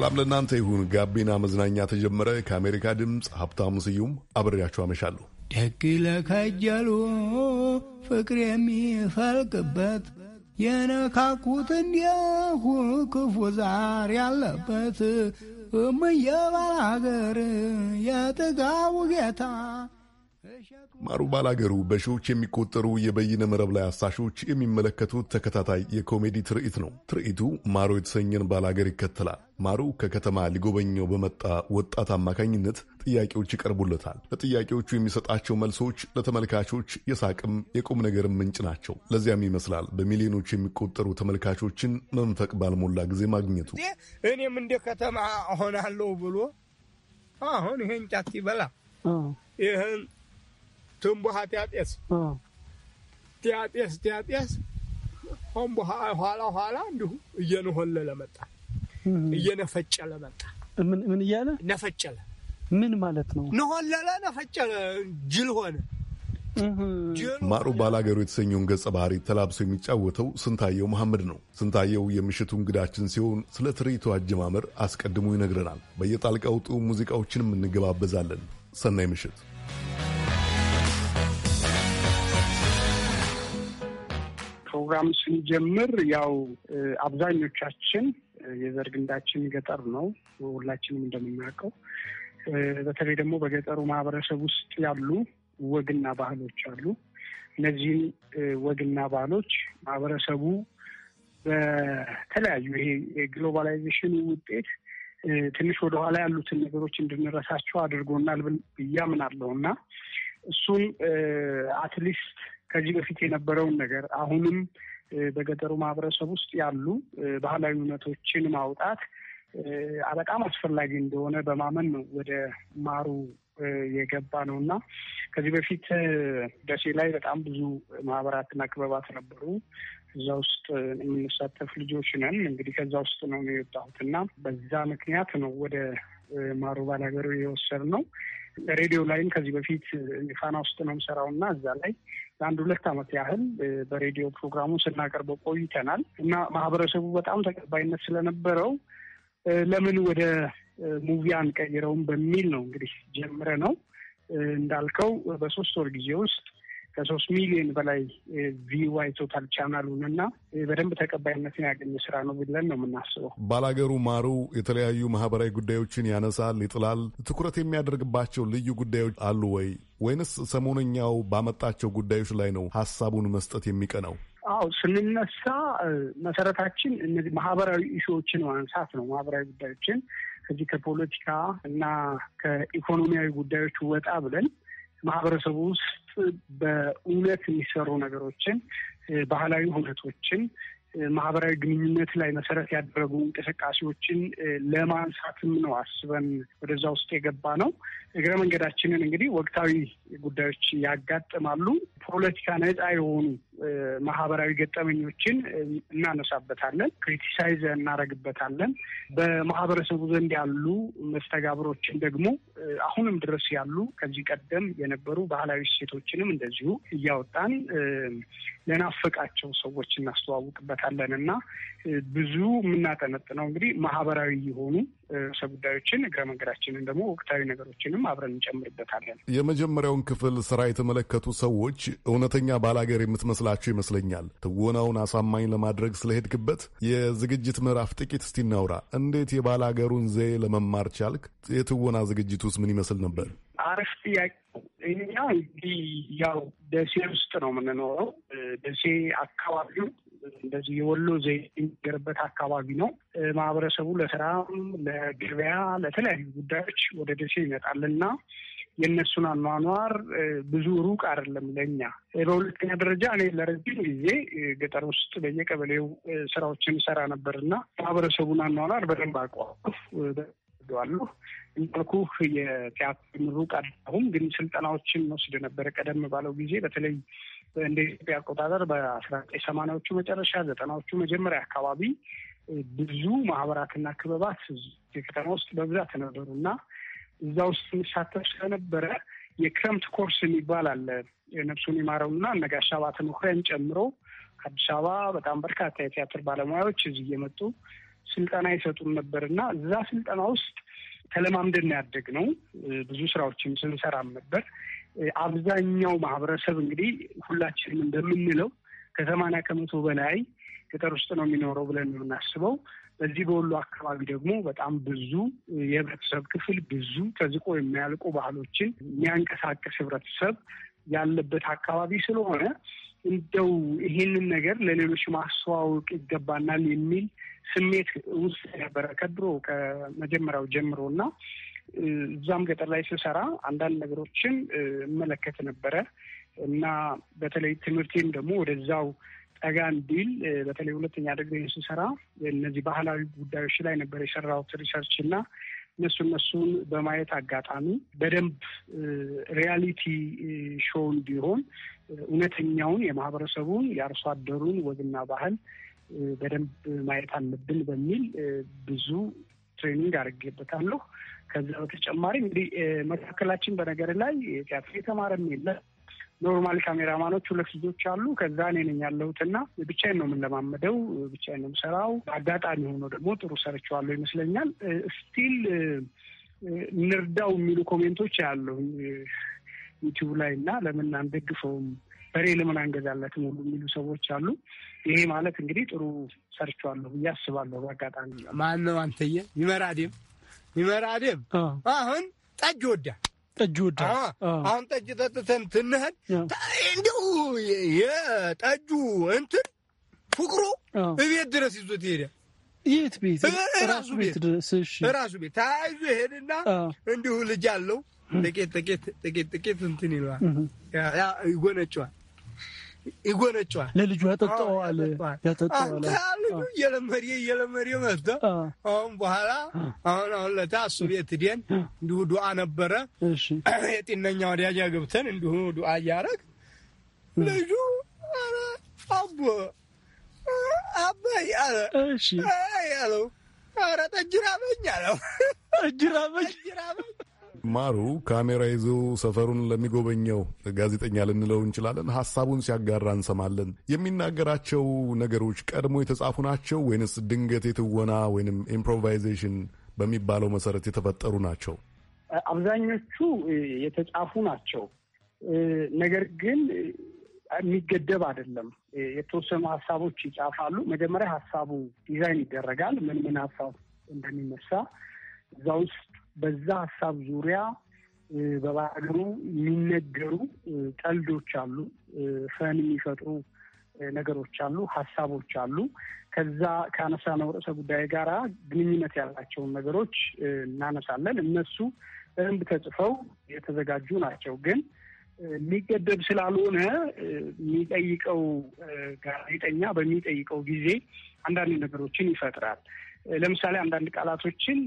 ሰላም ለእናንተ ይሁን። ጋቢና መዝናኛ ተጀመረ። ከአሜሪካ ድምፅ ሀብታሙ ስዩም አብሬያችሁ አመሻለሁ። ደግ ለከጀሉ ፍቅር የሚፈልቅበት የነካኩት እንዲሁ ክፉ ዛር ያለበት እምየባል ባላገር የጥጋቡ ጌታ ማሩ ባላገሩ በሺዎች የሚቆጠሩ የበይነ መረብ ላይ አሳሾች የሚመለከቱት ተከታታይ የኮሜዲ ትርኢት ነው። ትርኢቱ ማሮ የተሰኘን ባላገር ይከተላል። ማሩ ከከተማ ሊጎበኘው በመጣ ወጣት አማካኝነት ጥያቄዎች ይቀርቡለታል። ለጥያቄዎቹ የሚሰጣቸው መልሶች ለተመልካቾች የሳቅም የቁም ነገርም ምንጭ ናቸው። ለዚያም ይመስላል በሚሊዮኖች የሚቆጠሩ ተመልካቾችን መንፈቅ ባልሞላ ጊዜ ማግኘቱ። እኔም እንደ ከተማ ሆናለሁ ብሎ አሁን ይሄን ጫት ይበላ ይህን ትንቦሃ ጢያጤስ ጢያጤስ ጢያጤስ ሆን ኋላ ኋላ እንዲሁ እየነሆለለ መጣ፣ እየነፈጨለ መጣ። ምን ምን እያለ ነፈጨለ? ምን ማለት ነው? ነሆለለ፣ ነፈጨለ፣ ጅል ሆነ። ማሩ ባላገሩ የተሰኘውን ገጸ ባህሪ ተላብሶ የሚጫወተው ስንታየው መሐመድ ነው። ስንታየው የምሽቱ እንግዳችን ሲሆን ስለ ትርኢቱ አጀማመር አስቀድሞ ይነግረናል። ውጡ ሙዚቃዎችንም እንገባበዛለን። ሰናይ ምሽት። ፕሮግራም ስንጀምር ያው አብዛኞቻችን የዘር ግንዳችን ገጠር ነው፣ ሁላችንም እንደምናውቀው። በተለይ ደግሞ በገጠሩ ማህበረሰብ ውስጥ ያሉ ወግና ባህሎች አሉ። እነዚህም ወግና ባህሎች ማህበረሰቡ በተለያዩ ይሄ የግሎባላይዜሽን ውጤት ትንሽ ወደኋላ ያሉትን ነገሮች እንድንረሳቸው አድርጎናል ብያምናለሁ እና እሱን አትሊስት ከዚህ በፊት የነበረውን ነገር አሁንም በገጠሩ ማህበረሰብ ውስጥ ያሉ ባህላዊ እውነቶችን ማውጣት በጣም አስፈላጊ እንደሆነ በማመን ነው ወደ ማሩ የገባ ነው እና ከዚህ በፊት ደሴ ላይ በጣም ብዙ ማህበራትና ክበባት ነበሩ። እዛ ውስጥ የምንሳተፍ ልጆች ነን። እንግዲህ ከዛ ውስጥ ነው የወጣሁት እና በዛ ምክንያት ነው ወደ ማሩ ባላገሩ የወሰድ ነው። ሬዲዮ ላይም ከዚህ በፊት ፋና ውስጥ ነው የምሰራው እና እዛ ላይ ለአንድ ሁለት ዓመት ያህል በሬዲዮ ፕሮግራሙ ስናቀርበው ቆይተናል እና ማህበረሰቡ በጣም ተቀባይነት ስለነበረው ለምን ወደ ሙቪ አንቀይረውም በሚል ነው እንግዲህ ጀምረ ነው እንዳልከው በሶስት ወር ጊዜ ውስጥ ከሶስት ሚሊዮን በላይ ቪው ቶታል ቻናሉን እና በደንብ ተቀባይነትን ያገኘ ስራ ነው ብለን ነው የምናስበው። ባላገሩ ማሩ የተለያዩ ማህበራዊ ጉዳዮችን ያነሳል፣ ይጥላል። ትኩረት የሚያደርግባቸው ልዩ ጉዳዮች አሉ ወይ ወይንስ ሰሞነኛው ባመጣቸው ጉዳዮች ላይ ነው ሀሳቡን መስጠት የሚቀነው? አው ስንነሳ መሰረታችን እነዚህ ማህበራዊ ኢሹዎችን ማንሳት ነው። ማህበራዊ ጉዳዮችን ከዚህ ከፖለቲካ እና ከኢኮኖሚያዊ ጉዳዮች ወጣ ብለን ማህበረሰቡ ውስጥ በእውነት የሚሰሩ ነገሮችን ባህላዊ እውነቶችን ማህበራዊ ግንኙነት ላይ መሰረት ያደረጉ እንቅስቃሴዎችን ለማንሳትም ነው አስበን ወደዛ ውስጥ የገባ ነው። እግረ መንገዳችንን እንግዲህ ወቅታዊ ጉዳዮች ያጋጥማሉ። ፖለቲካ ነፃ የሆኑ ማህበራዊ ገጠመኞችን እናነሳበታለን፣ ክሪቲሳይዝ እናደርግበታለን። በማህበረሰቡ ዘንድ ያሉ መስተጋብሮችን ደግሞ አሁንም ድረስ ያሉ ከዚህ ቀደም የነበሩ ባህላዊ እሴቶችንም እንደዚሁ እያወጣን ለናፈቃቸው ሰዎች እናስተዋውቅበታል። እናውቃለን እና ብዙ የምናጠነጥነው እንግዲህ ማህበራዊ የሆኑ ርዕሰ ጉዳዮችን እግረ መንገዳችንን ደግሞ ወቅታዊ ነገሮችንም አብረን እንጨምርበታለን። የመጀመሪያውን ክፍል ስራ የተመለከቱ ሰዎች እውነተኛ ባላገር የምትመስላችሁ ይመስለኛል። ትወናውን አሳማኝ ለማድረግ ስለሄድክበት የዝግጅት ምዕራፍ ጥቂት እስቲ እናውራ። እንዴት የባላገሩን ዘዬ ለመማር ቻልክ? የትወና ዝግጅት ውስጥ ምን ይመስል ነበር? አረፍ ጥያቄ። እኛ እንግዲህ ያው ደሴ ውስጥ ነው የምንኖረው። ደሴ አካባቢው እንደዚህ የወሎ ዘይት የሚገርበት አካባቢ ነው። ማህበረሰቡ ለስራም፣ ለገበያ፣ ለተለያዩ ጉዳዮች ወደ ደሴ ይመጣልና የእነሱን አኗኗር ብዙ ሩቅ አይደለም ለኛ በሁለተኛ ደረጃ እኔ ለረጅም ጊዜ ገጠር ውስጥ በየቀበሌው ስራዎችን ሰራ ነበር ማህበረሰቡን አኗኗር በደንብ አቋፍ ወስደዋለሁ። እንዳልኩ የቲያትር ምሩቅ አሁን ግን ስልጠናዎችን ወስድ ነበረ ቀደም ባለው ጊዜ በተለይ እንደ ኢትዮጵያ አቆጣጠር በአስራ ዘጠኝ ሰማንያዎቹ መጨረሻ ዘጠናዎቹ መጀመሪያ አካባቢ ብዙ ማህበራትና ክበባት የከተማ ውስጥ በብዛት ነበሩ እና እዛ ውስጥ የሚሳተፍ ስለነበረ የክረምት ኮርስ የሚባል አለ። ነፍሱን የማረውና ነጋሽ አባተ መኩሪያን ጨምሮ ከአዲስ አበባ በጣም በርካታ የቲያትር ባለሙያዎች እዚህ እየመጡ ስልጠና ይሰጡን ነበር እና እዛ ስልጠና ውስጥ ተለማምደን ያደግ ነው። ብዙ ስራዎችን ስንሰራም ነበር። አብዛኛው ማህበረሰብ እንግዲህ ሁላችንም እንደምንለው ከሰማንያ ከመቶ በላይ ገጠር ውስጥ ነው የሚኖረው ብለን የምናስበው በዚህ በወሎ አካባቢ ደግሞ በጣም ብዙ የህብረተሰብ ክፍል ብዙ ተዝቆ የሚያልቁ ባህሎችን የሚያንቀሳቅስ ህብረተሰብ ያለበት አካባቢ ስለሆነ እንደው ይሄንን ነገር ለሌሎች ማስተዋወቅ ይገባናል የሚል ስሜት ውስጥ ነበረ ከድሮ ከመጀመሪያው ጀምሮ እና እዛም ገጠር ላይ ስሰራ አንዳንድ ነገሮችን እመለከት ነበረ እና በተለይ ትምህርቴም ደግሞ ወደዛው ጠጋ እንዲል በተለይ ሁለተኛ ደግሞ ስሰራ እነዚህ ባህላዊ ጉዳዮች ላይ ነበር የሰራሁት ሪሰርች እና እነሱ እነሱን በማየት አጋጣሚ በደንብ ሪያሊቲ ሾው እንዲሆን እውነተኛውን የማህበረሰቡን የአርሶ አደሩን ወግና ባህል በደንብ ማየት አለብን በሚል ብዙ ትሬኒንግ አድርጌበታለሁ። ከዚያ በተጨማሪ እንግዲህ መካከላችን በነገር ላይ ቲያትር የተማረም የለ ኖርማል ካሜራማኖች ሁለት ልጆች አሉ። ከዛ እኔ ነኝ ያለሁት ያለሁትና ብቻዬን ነው የምንለማመደው፣ ብቻዬን ነው የምሰራው። አጋጣሚ ሆኖ ደግሞ ጥሩ ሰርቸዋለሁ ይመስለኛል። ስቲል እንርዳው የሚሉ ኮሜንቶች ያለሁ ዩቲዩብ ላይ እና ለምን አንደግፈውም በሬ ለምን አንገዛለትም ሁሉ የሚሉ ሰዎች አሉ። ይሄ ማለት እንግዲህ ጥሩ ሰርቸዋለሁ ብዬ አስባለሁ። በአጋጣሚ ማን ነው አንተዬ ይመራዴም ይመራዴም አሁን ጠጅ ወዳ ጠጅ ወዳ አሁን ጠጅ ጠጥተን ትንህን እንዲሁ የጠጁ እንትን ፍቅሩ እቤት ድረስ ይዞት ይሄደ የት ቤት? ራሱ ቤት ራሱ ቤት ተያይዞ ይሄድና እንዲሁ ልጅ አለው ጥቂት ጥቂት ጥቂት ጥቂት እንትን ይለዋል፣ ይጎነጨዋል ይጎነጨዋል ለልጁ ያጠጣዋል ያጠጣዋል። ልጁ እየለመዴ መጥቶ አሁን በኋላ አሁን አሁን ለታ እሱ ቤት ሄደን እንዲሁ ዱአ ነበረ የጤነኛ ወዳጃ ገብተን እንዲሁ ዱዓ እያደረግ ልጁ አቦ አባይ አለ ያለው ኧረ ጠጅ ራበኝ አለው ጠጅ ራበኝ ማሩ ካሜራ ይዞ ሰፈሩን ለሚጎበኘው ጋዜጠኛ ልንለው እንችላለን። ሀሳቡን ሲያጋራ እንሰማለን። የሚናገራቸው ነገሮች ቀድሞ የተጻፉ ናቸው ወይንስ ድንገት የትወና ወይንም ኢምፕሮቫይዜሽን በሚባለው መሰረት የተፈጠሩ ናቸው? አብዛኞቹ የተጻፉ ናቸው። ነገር ግን የሚገደብ አይደለም። የተወሰኑ ሀሳቦች ይጻፋሉ። መጀመሪያ ሀሳቡ ዲዛይን ይደረጋል። ምን ምን ሀሳብ እንደሚነሳ እዛ ውስጥ በዛ ሀሳብ ዙሪያ በባህሉ የሚነገሩ ቀልዶች አሉ፣ ፈን የሚፈጥሩ ነገሮች አሉ፣ ሀሳቦች አሉ። ከዛ ካነሳነው ርዕሰ ጉዳይ ጋር ግንኙነት ያላቸውን ነገሮች እናነሳለን። እነሱ በደንብ ተጽፈው የተዘጋጁ ናቸው። ግን የሚገደብ ስላልሆነ የሚጠይቀው ጋዜጠኛ በሚጠይቀው ጊዜ አንዳንድ ነገሮችን ይፈጥራል። ለምሳሌ አንዳንድ ቃላቶችን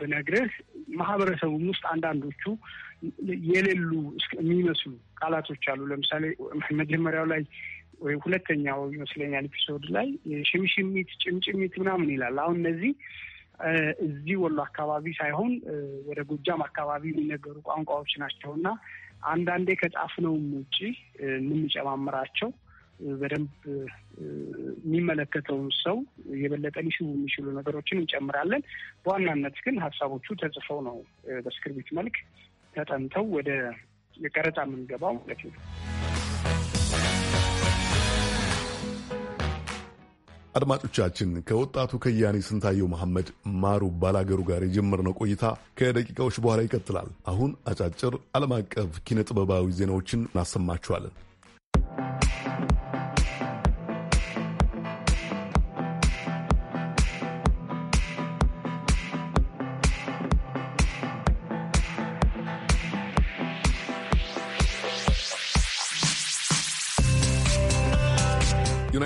ብነግርህ ማህበረሰቡም ውስጥ አንዳንዶቹ የሌሉ የሚመስሉ ቃላቶች አሉ። ለምሳሌ መጀመሪያው ላይ ወይ ሁለተኛው ይመስለኛል ኤፒሶድ ላይ ሽምሽሚት፣ ጭምጭሚት ምናምን ይላል። አሁን እነዚህ እዚህ ወሎ አካባቢ ሳይሆን ወደ ጎጃም አካባቢ የሚነገሩ ቋንቋዎች ናቸው እና አንዳንዴ ከጻፍነውም ውጪ የምንጨማምራቸው በደንብ የሚመለከተውን ሰው የበለጠ ሊስቡ የሚችሉ ነገሮችን እንጨምራለን። በዋናነት ግን ሀሳቦቹ ተጽፈው ነው በስክሪፕት መልክ ተጠንተው ወደ ቀረጻ የምንገባው ማለት ነው። አድማጮቻችን ከወጣቱ ከያኔ ስንታየው መሐመድ ማሩ ባላገሩ ጋር የጀመርነው ቆይታ ከደቂቃዎች በኋላ ይቀጥላል። አሁን አጫጭር ዓለም አቀፍ ኪነ ጥበባዊ ዜናዎችን እናሰማችኋለን።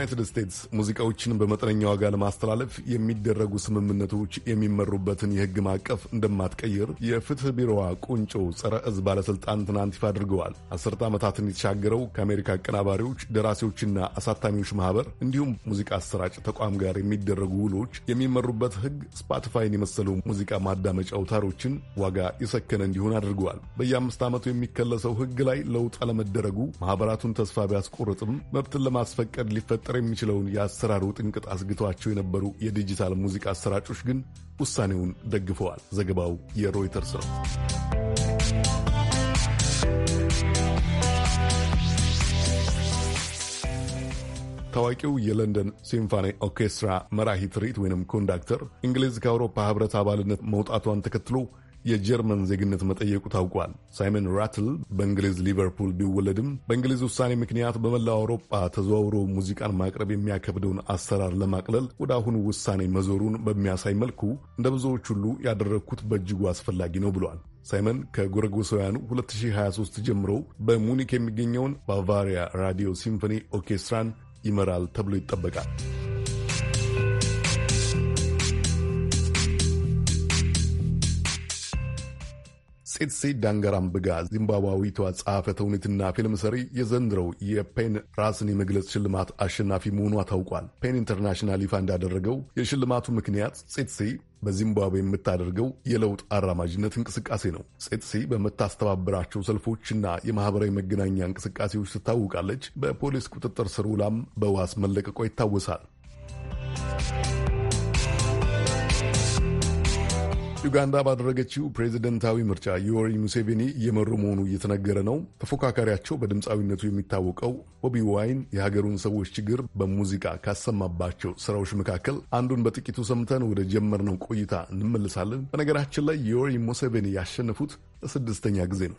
ዩናይትድ ስቴትስ ሙዚቃዎችን በመጠነኛ ዋጋ ለማስተላለፍ የሚደረጉ ስምምነቶች የሚመሩበትን የሕግ ማዕቀፍ እንደማትቀይር የፍትህ ቢሮዋ ቁንጮ ጸረ እዝ ባለሥልጣን ትናንት ይፋ አድርገዋል። አስርተ ዓመታትን የተሻገረው ከአሜሪካ አቀናባሪዎች፣ ደራሲዎችና አሳታሚዎች ማህበር እንዲሁም ሙዚቃ አሰራጭ ተቋም ጋር የሚደረጉ ውሎች የሚመሩበት ሕግ ስፖቲፋይን የመሰሉ ሙዚቃ ማዳመጫ አውታሮችን ዋጋ የሰከነ እንዲሆን አድርገዋል። በየአምስት ዓመቱ የሚከለሰው ሕግ ላይ ለውጥ አለመደረጉ ማህበራቱን ተስፋ ቢያስቆርጥም መብትን ለማስፈቀድ ሊፈጠር ሊፈጥር የሚችለውን የአሰራሩ ጥንቅጥ አስግቷቸው የነበሩ የዲጂታል ሙዚቃ አሰራጮች ግን ውሳኔውን ደግፈዋል። ዘገባው የሮይተርስ ነው። ታዋቂው የለንደን ሲምፋኒ ኦርኬስትራ መራሂ ትርኢት ወይም ኮንዳክተር እንግሊዝ ከአውሮፓ ህብረት አባልነት መውጣቷን ተከትሎ የጀርመን ዜግነት መጠየቁ ታውቋል። ሳይመን ራትል በእንግሊዝ ሊቨርፑል ቢወለድም በእንግሊዝ ውሳኔ ምክንያት በመላው አውሮፓ ተዘዋውሮ ሙዚቃን ማቅረብ የሚያከብደውን አሰራር ለማቅለል ወደ አሁኑ ውሳኔ መዞሩን በሚያሳይ መልኩ እንደ ብዙዎች ሁሉ ያደረግኩት በእጅጉ አስፈላጊ ነው ብሏል። ሳይመን ከጎረጎሳውያኑ 2023 ጀምሮ በሙኒክ የሚገኘውን ባቫሪያ ራዲዮ ሲምፎኒ ኦርኬስትራን ይመራል ተብሎ ይጠበቃል። ሴትሴ ብጋ ዚምባብዌዊቷ ጸሐፌ ተውኔትና ፊልም ሰሪ የዘንድረው የፔን ራስን የመግለጽ ሽልማት አሸናፊ መሆኗ ታውቋል። ፔን ኢንተርናሽናል ይፋ እንዳደረገው የሽልማቱ ምክንያት ሴትሴ በዚምባብዌ የምታደርገው የለውጥ አራማጅነት እንቅስቃሴ ነው። ሴትሴ በምታስተባብራቸው ሰልፎችና የማህበራዊ መገናኛ እንቅስቃሴዎች ትታወቃለች። በፖሊስ ቁጥጥር ስር ውላም በዋስ መለቀቋ ይታወሳል። ዩጋንዳ ባደረገችው ፕሬዚደንታዊ ምርጫ ዮሪ ሙሴቬኒ እየመሩ መሆኑ እየተነገረ ነው። ተፎካካሪያቸው በድምፃዊነቱ የሚታወቀው ቦቢ ዋይን የሀገሩን ሰዎች ችግር በሙዚቃ ካሰማባቸው ስራዎች መካከል አንዱን በጥቂቱ ሰምተን ወደ ጀመርነው ቆይታ እንመልሳለን። በነገራችን ላይ ዮሪ ሙሴቬኒ ያሸነፉት ለስድስተኛ ጊዜ ነው።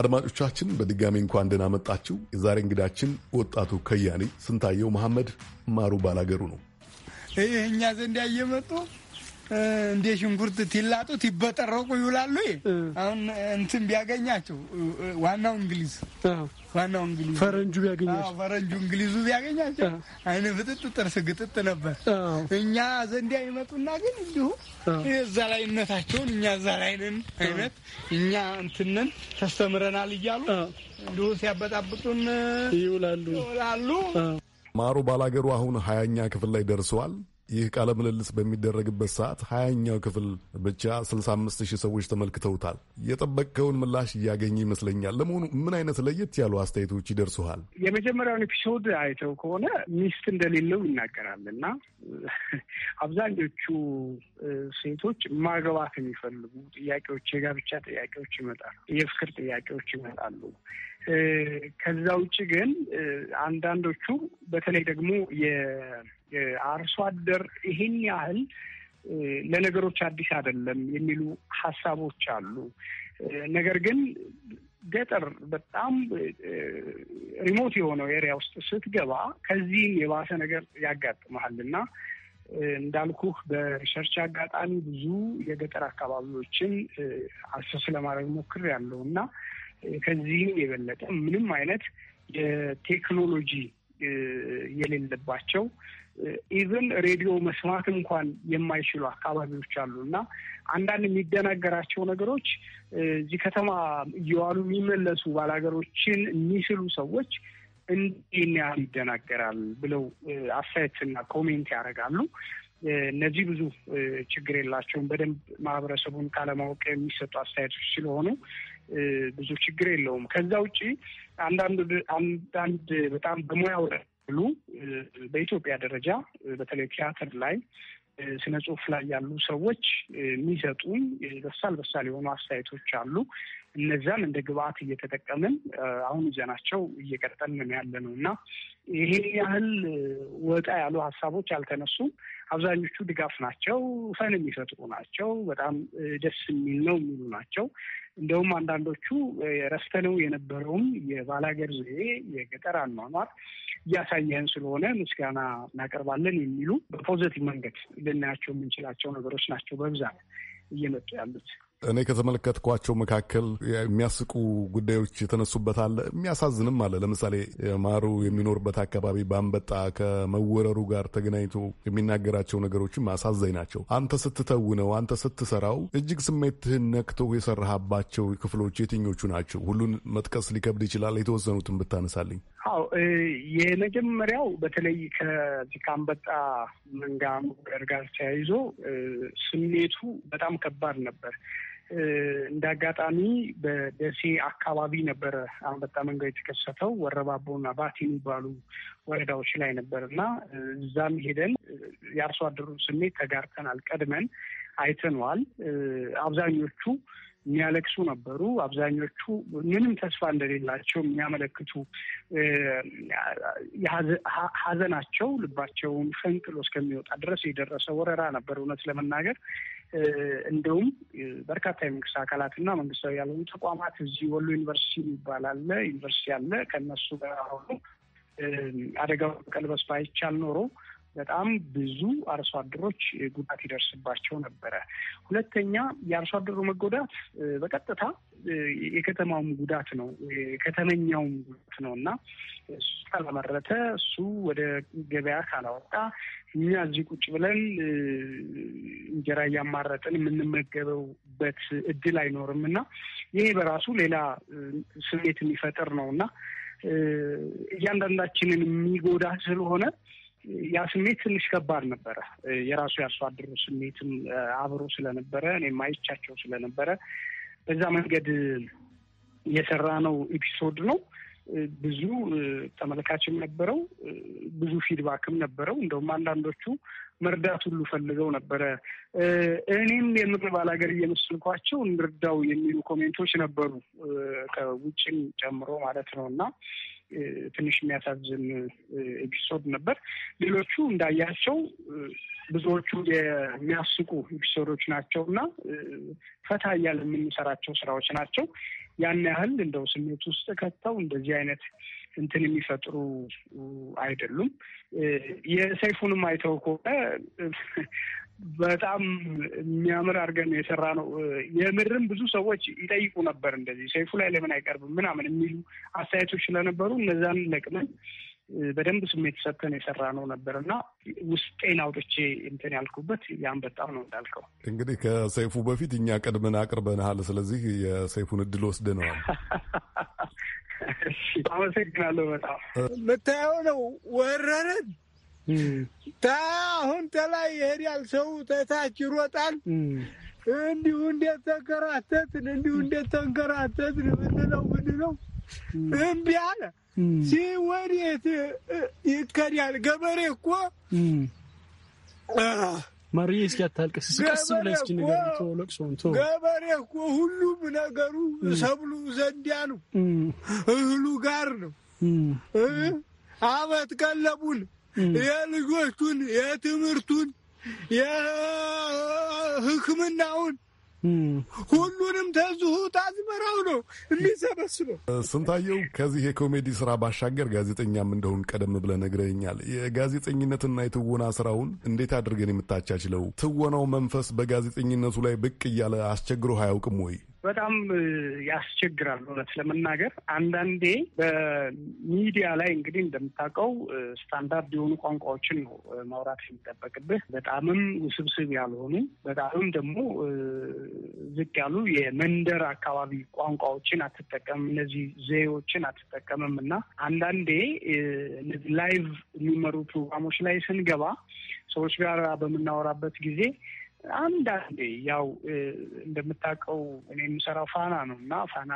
አድማጮቻችን በድጋሚ እንኳን ደህና መጣችሁ። የዛሬ እንግዳችን ወጣቱ ከያኔ ስንታየው መሐመድ ማሩ ባላገሩ ነው። ይህ እኛ ዘንድ ያየመጡ እንደ ሽንኩርት ቲላጡ ቲበጠረቁ ይውላሉ። አሁን እንትን ቢያገኛቸው ዋናው እንግሊዝ ዋናው እንግሊዝ ፈረንጁ ቢያገኛቸው ፈረንጁ እንግሊዙ ቢያገኛቸው አይነ ፍጥጥ ጥርስ ግጥጥ ነበር። እኛ ዘንዲያ ይመጡና ግን እንዲሁ እዛ ላይ እነታቸውን እኛ እዛ ላይንን አይነት እኛ እንትንን ተስተምረናል እያሉ እንዲሁ ሲያበጣብጡን ይውላሉ ይውላሉ። ማሩ ባላገሩ አሁን ሀያኛ ክፍል ላይ ደርሰዋል። ይህ ቃለ ምልልስ በሚደረግበት ሰዓት ሀያኛው ክፍል ብቻ 65 ሺህ ሰዎች ተመልክተውታል። የጠበቅከውን ምላሽ እያገኘ ይመስለኛል። ለመሆኑ ምን አይነት ለየት ያሉ አስተያየቶች ይደርሱሃል? የመጀመሪያውን ኤፒሶድ አይተው ከሆነ ሚስት እንደሌለው ይናገራል እና አብዛኞቹ ሴቶች ማግባት የሚፈልጉ ጥያቄዎች፣ የጋብቻ ጥያቄዎች ይመጣሉ፣ የፍቅር ጥያቄዎች ይመጣሉ። ከዛ ውጭ ግን አንዳንዶቹ በተለይ ደግሞ የአርሶ አደር ይሄን ያህል ለነገሮች አዲስ አይደለም የሚሉ ሀሳቦች አሉ። ነገር ግን ገጠር በጣም ሪሞት የሆነው ኤሪያ ውስጥ ስትገባ ከዚህም የባሰ ነገር ያጋጥመሃል እና እንዳልኩህ በሪሰርች አጋጣሚ ብዙ የገጠር አካባቢዎችን አሰስ ለማድረግ ያለው እና ከዚህም የበለጠ ምንም አይነት የቴክኖሎጂ የሌለባቸው ኢቨን ሬዲዮ መስማት እንኳን የማይችሉ አካባቢዎች አሉ እና አንዳንድ የሚደናገራቸው ነገሮች እዚህ ከተማ እየዋሉ የሚመለሱ ባላገሮችን የሚስሉ ሰዎች እንዲህ ያህል ይደናገራል ብለው አስተያየትና ኮሜንት ያደርጋሉ። እነዚህ ብዙ ችግር የላቸውም። በደንብ ማህበረሰቡን ካለማወቅ የሚሰጡ አስተያየቶች ስለሆኑ ብዙ ችግር የለውም። ከዛ ውጭ አንዳንድ አንዳንድ በጣም በሙያው ሉ በኢትዮጵያ ደረጃ በተለይ ቲያትር ላይ ስነ ጽሁፍ ላይ ያሉ ሰዎች የሚሰጡኝ በሳል በሳል የሆኑ አስተያየቶች አሉ። እነዚያን እንደ ግብአት እየተጠቀምን አሁን ይዘናቸው እየቀጠልን ያለ ነው እና ይሄን ያህል ወጣ ያሉ ሀሳቦች አልተነሱም። አብዛኞቹ ድጋፍ ናቸው፣ ፈን የሚፈጥሩ ናቸው፣ በጣም ደስ የሚል ነው የሚሉ ናቸው። እንደውም አንዳንዶቹ ረስተነው የነበረውም የባላገር ዘዬ የገጠር አኗኗር እያሳየህን ስለሆነ ምስጋና እናቀርባለን የሚሉ በፖዘቲቭ መንገድ ልናያቸው የምንችላቸው ነገሮች ናቸው በብዛት እየመጡ ያሉት። እኔ ከተመለከትኳቸው መካከል የሚያስቁ ጉዳዮች የተነሱበት አለ፣ የሚያሳዝንም አለ። ለምሳሌ ማሩ የሚኖርበት አካባቢ በአንበጣ ከመወረሩ ጋር ተገናኝቶ የሚናገራቸው ነገሮችም አሳዛኝ ናቸው። አንተ ስትተውነው፣ አንተ ስትሰራው እጅግ ስሜትህን ነክቶ የሰራሃባቸው ክፍሎች የትኞቹ ናቸው? ሁሉን መጥቀስ ሊከብድ ይችላል። የተወሰኑትን ብታነሳልኝ። አዎ የመጀመሪያው በተለይ ከዚህ ከአንበጣ መንጋ መወረር ጋር ተያይዞ ስሜቱ በጣም ከባድ ነበር። እንደ አጋጣሚ በደሴ አካባቢ ነበረ አንበጣ መንጋ የተከሰተው ወረባቦና ባቲ የሚባሉ ወረዳዎች ላይ ነበር እና እዛም ሄደን የአርሶ አደሩን ስሜት ተጋርተናል። ቀድመን አይተነዋል። አብዛኞቹ የሚያለቅሱ ነበሩ። አብዛኞቹ ምንም ተስፋ እንደሌላቸው የሚያመለክቱ ሀዘናቸው ልባቸውን ፈንቅሎ እስከሚወጣ ድረስ የደረሰ ወረራ ነበር። እውነት ለመናገር እንደውም በርካታ የመንግስት አካላት እና መንግስታዊ ያልሆኑ ተቋማት እዚህ ወሎ ዩኒቨርሲቲ የሚባል አለ ዩኒቨርሲቲ አለ ከነሱ ጋር ሆኖ አደጋው ቀልበስ ባይቻል ኖሮ በጣም ብዙ አርሶ አደሮች ጉዳት ይደርስባቸው ነበረ። ሁለተኛ የአርሶ አደሩ መጎዳት በቀጥታ የከተማውም ጉዳት ነው፣ የከተመኛውም ጉዳት ነው እና እሱ ካላመረተ፣ እሱ ወደ ገበያ ካላወጣ፣ እኛ እዚህ ቁጭ ብለን እንጀራ እያማረጥን የምንመገበውበት እድል አይኖርም እና ይሄ በራሱ ሌላ ስሜት የሚፈጥር ነው እና እያንዳንዳችንን የሚጎዳ ስለሆነ ያ ስሜት ትንሽ ከባድ ነበረ። የራሱ የአርሶ አደሩ ስሜትም አብሮ ስለነበረ እኔም አይቻቸው ስለነበረ በዛ መንገድ የሰራ ነው ኤፒሶድ ነው። ብዙ ተመልካችም ነበረው፣ ብዙ ፊድባክም ነበረው። እንደውም አንዳንዶቹ መርዳት ሁሉ ፈልገው ነበረ። እኔም የምግብ አላገር እየመስልኳቸው እንርዳው የሚሉ ኮሜንቶች ነበሩ፣ ከውጭም ጨምሮ ማለት ነው እና ትንሽ የሚያሳዝን ኤፒሶድ ነበር። ሌሎቹ እንዳያቸው ብዙዎቹ የሚያስቁ ኤፒሶዶች ናቸው እና ፈታ እያለ የምንሰራቸው ስራዎች ናቸው። ያን ያህል እንደው ስሜት ውስጥ ከተው እንደዚህ አይነት እንትን የሚፈጥሩ አይደሉም። የሰይፉንም አይተው ከሆነ በጣም የሚያምር አድርገን የሰራ ነው። የምርም ብዙ ሰዎች ይጠይቁ ነበር እንደዚህ ሰይፉ ላይ ለምን አይቀርብም ምናምን የሚሉ አስተያየቶች ስለነበሩ እነዛን ለቅመን በደንብ ስሜት ሰጥተን የሰራ ነው ነበር እና ውስጤን አውጥቼ እንትን ያልኩበት በጣም ነው እንዳልከው። እንግዲህ ከሰይፉ በፊት እኛ ቀድመን አቅርበናል ስለዚህ የሰይፉን እድል ወስደነዋል። አመሰግናለሁ። በጣም ምታየው ነው ወረረን አሁን ተላይ ይሄዳል ሰው ተታች ይሮጣል። እንዲሁ እንዴት ተንከራተትን እንዲሁ እንዴት ተንከራተትን ምንለው ምንለው እምቢ አለ። ሲወዴት ይከዳል። ገበሬ እኮ ማሪ እስኪያታልቅስ ቀስ ብለህ እስኪ ለቅሶውን ገበሬ እኮ ሁሉም ነገሩ ሰብሉ ዘንዳ ነው፣ እህሉ ጋር ነው። ቀለቡን ያ ልጆቹን፣ ያ ትምህርቱን፣ ያ ሁሉንም ተዝሁ ታዝመራው ነው የሚሰበስበው። ስንታየው ከዚህ የኮሜዲ ስራ ባሻገር ጋዜጠኛም እንደሆን ቀደም ብለህ ነግረኛል። የጋዜጠኝነትና የትወና ስራውን እንዴት አድርገን የምታቻችለው? ትወናው መንፈስ በጋዜጠኝነቱ ላይ ብቅ እያለ አስቸግሮ አያውቅም ወይ? በጣም ያስቸግራል። እውነት ለመናገር አንዳንዴ በሚዲያ ላይ እንግዲህ እንደምታውቀው ስታንዳርድ የሆኑ ቋንቋዎችን ነው ማውራት የሚጠበቅብህ። በጣምም ውስብስብ ያልሆኑ በጣምም ደግሞ ዝቅ ያሉ የመንደር አካባቢ ቋንቋዎችን አትጠቀምም፣ እነዚህ ዘዎችን አትጠቀምም እና አንዳንዴ እነዚህ ላይቭ የሚመሩ ፕሮግራሞች ላይ ስንገባ ሰዎች ጋር በምናወራበት ጊዜ አንዳንዴ ያው እንደምታውቀው እኔ የምሰራው ፋና ነው እና ፋና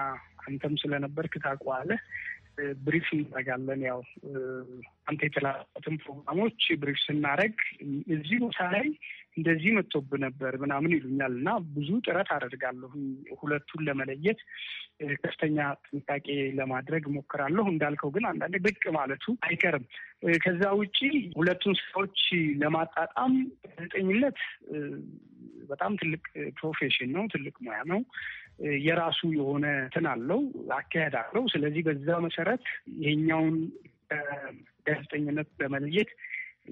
አንተም ስለነበርክ ታውቀዋለህ። ብሪፍ እናደርጋለን። ያው አንተ የተላትን ፕሮግራሞች ብሪፍ ስናደርግ እዚህ ቦታ ላይ እንደዚህ መጥቶብ ነበር ምናምን ይሉኛል እና ብዙ ጥረት አደርጋለሁ ሁለቱን ለመለየት ከፍተኛ ጥንቃቄ ለማድረግ ሞክራለሁ። እንዳልከው ግን አንዳንዴ ብቅ ማለቱ አይቀርም። ከዛ ውጪ ሁለቱን ስራዎች ለማጣጣም ጋዜጠኝነት በጣም ትልቅ ፕሮፌሽን ነው፣ ትልቅ ሙያ ነው። የራሱ የሆነ እንትን አለው፣ አካሄድ አለው። ስለዚህ በዛ መሰረት ይሄኛውን ጋዜጠኝነት ለመለየት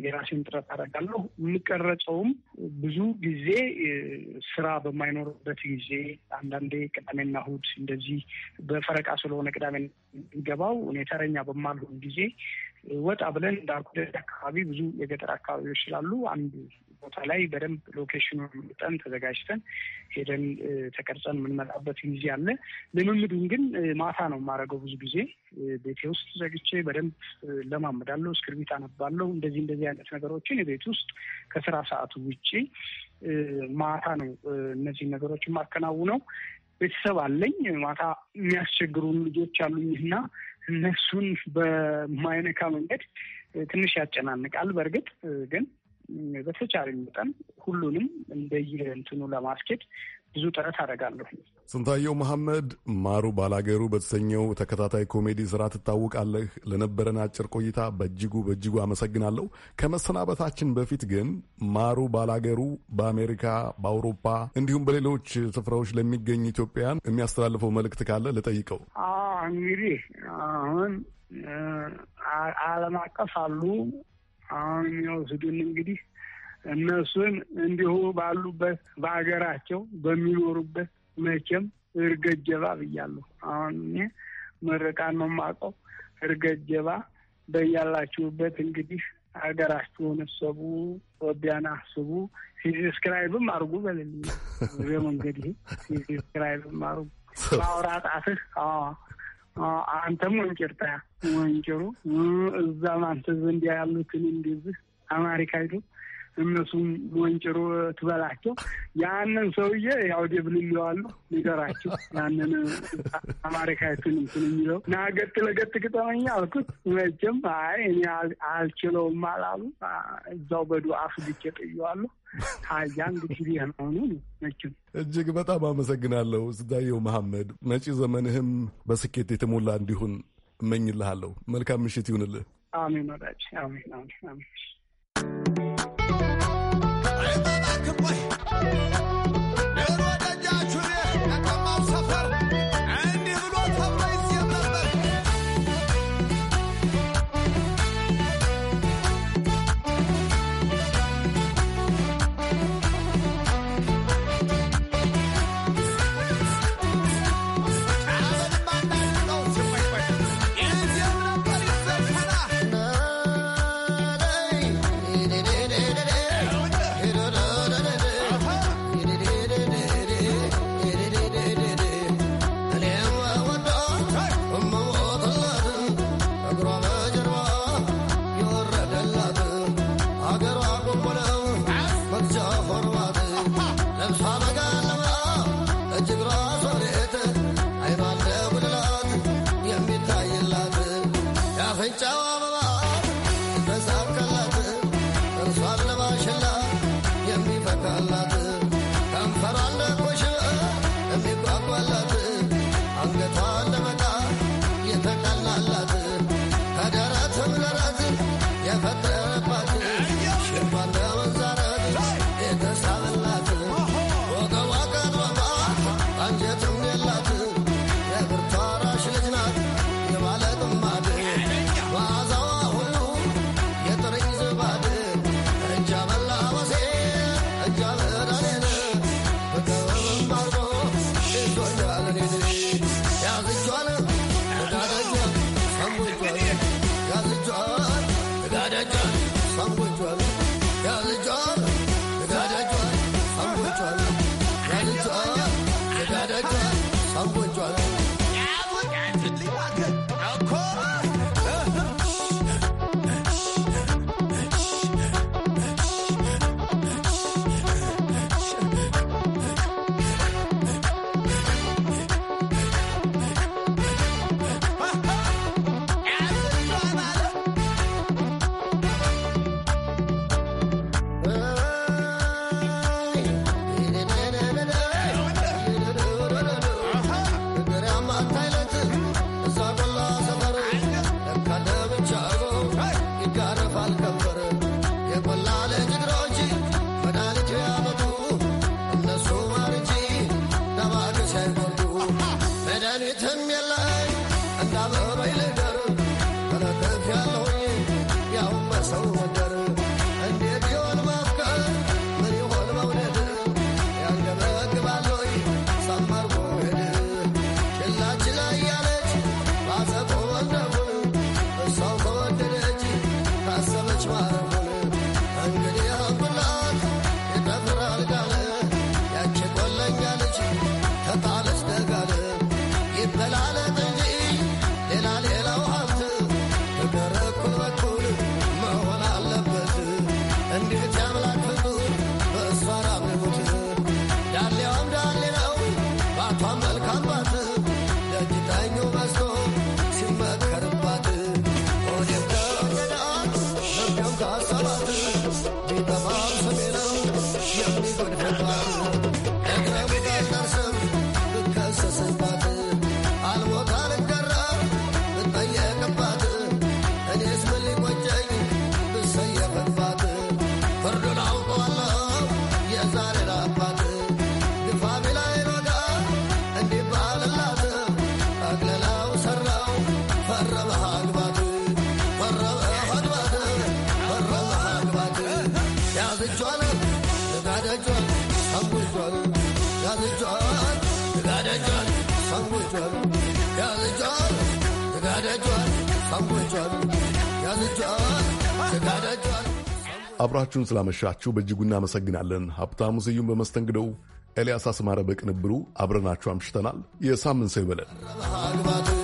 የራሴን ጥረት አደርጋለሁ። የምቀረጸውም ብዙ ጊዜ ስራ በማይኖርበት ጊዜ አንዳንዴ ቅዳሜና እሑድ እንደዚህ በፈረቃ ስለሆነ ቅዳሜ ገባው እኔ ተረኛ በማልሆን ጊዜ ወጣ ብለን እንዳልኩ አካባቢ ብዙ የገጠር አካባቢዎች ስላሉ አንዱ ቦታ ላይ በደንብ ሎኬሽኑ ምጠን ተዘጋጅተን ሄደን ተቀርጸን የምንመጣበት ጊዜ አለ። ልምምዱን ግን ማታ ነው የማደርገው። ብዙ ጊዜ ቤቴ ውስጥ ዘግቼ በደንብ ለማመዳለው፣ እስክርቢት አነባለው። እንደዚህ እንደዚህ አይነት ነገሮችን የቤት ውስጥ ከስራ ሰዓቱ ውጭ ማታ ነው እነዚህ ነገሮች የማከናውነው። ቤተሰብ አለኝ። ማታ የሚያስቸግሩ ልጆች አሉኝ እና እነሱን በማይነካ መንገድ ትንሽ ያጨናንቃል። በእርግጥ ግን በተቻለኝ መጠን ሁሉንም እንደየእንትኑ ለማስኬድ ብዙ ጥረት አደርጋለሁ። ስንታየው መሐመድ ማሩ ባላገሩ በተሰኘው ተከታታይ ኮሜዲ ስራ ትታወቃለህ። ለነበረን አጭር ቆይታ በእጅጉ በእጅጉ አመሰግናለሁ። ከመሰናበታችን በፊት ግን ማሩ ባላገሩ በአሜሪካ፣ በአውሮፓ እንዲሁም በሌሎች ስፍራዎች ለሚገኙ ኢትዮጵያን የሚያስተላልፈው መልእክት ካለ ልጠይቀው። እንግዲህ አሁን ዓለም አቀፍ አሉ አሁን የሚወስዱን እንግዲህ እነሱን እንዲሁ ባሉበት በሀገራቸው በሚኖሩበት መቼም እርገጀባ ብያለሁ። አሁን እኔ ምርቃን ነው የማውቀው። እርገጀባ በያላችሁበት እንግዲህ ሀገራችሁን እሰቡ፣ ኢትዮጵያን አስቡ፣ ሲስክራይብም አርጉ በልልኝ። መንገድ ይሄ ሲስክራይብም አርጉ ማውራጣትህ አንተም ወንጭርታ ወንጭሩ እዛም አንተ ዘንድ ያሉትን እንደዚህ አማሪካ ሂዱ እነሱም ወንጭሮ ትበላቸው። ያንን ሰውዬ ያው ደብል ይለዋሉ ንገራቸው። ያንን አማሪካዊቱን እንትን የሚለው ና ገጥ ለገጥ ግጠመኛ አልኩት። መቼም አይ እኔ አልችለውም አላሉ። እዛው በዱ አፍ ግቼ ጥየዋለሁ። ታያ እንግዲህ ሊሆኑ መችም እጅግ በጣም አመሰግናለሁ ስታየው መሐመድ። መጪ ዘመንህም በስኬት የተሞላ እንዲሆን እመኝልሃለሁ። መልካም ምሽት ይሁንልህ። አሜን ወዳጅ፣ አሜን፣ አሜን፣ አሜን። አብራችሁን ስላመሻችሁ በእጅጉ እናመሰግናለን። ሀብታሙ ስዩም በመስተንግደው፣ ኤልያስ አስማረ በቅንብሩ አብረናችሁ አምሽተናል። የሳምንት ሰው ይበለን።